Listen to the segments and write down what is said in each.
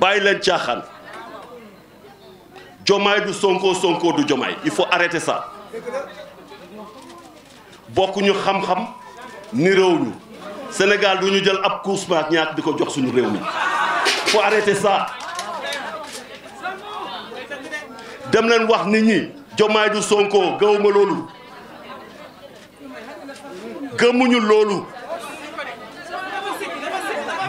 bàyyi leen Jomai du sonko sonko du jomay il faut arrêter ça ñu xam-xam ni rew ñu Sénégal du ñu jël ab course maak ñaak diko jox suñu rew mi faut arrêter ça dem leen wax nit ñi jomay du sonko gëwuma loolu gëmuñu lolu.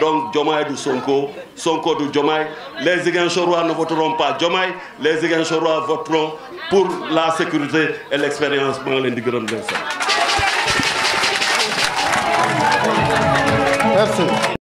Donc Jomai du Sonko, Sonko du Jomai, Les chorois ne voteront pas Jomai, les chorois voteront pour la sécurité et l'expérience Merci.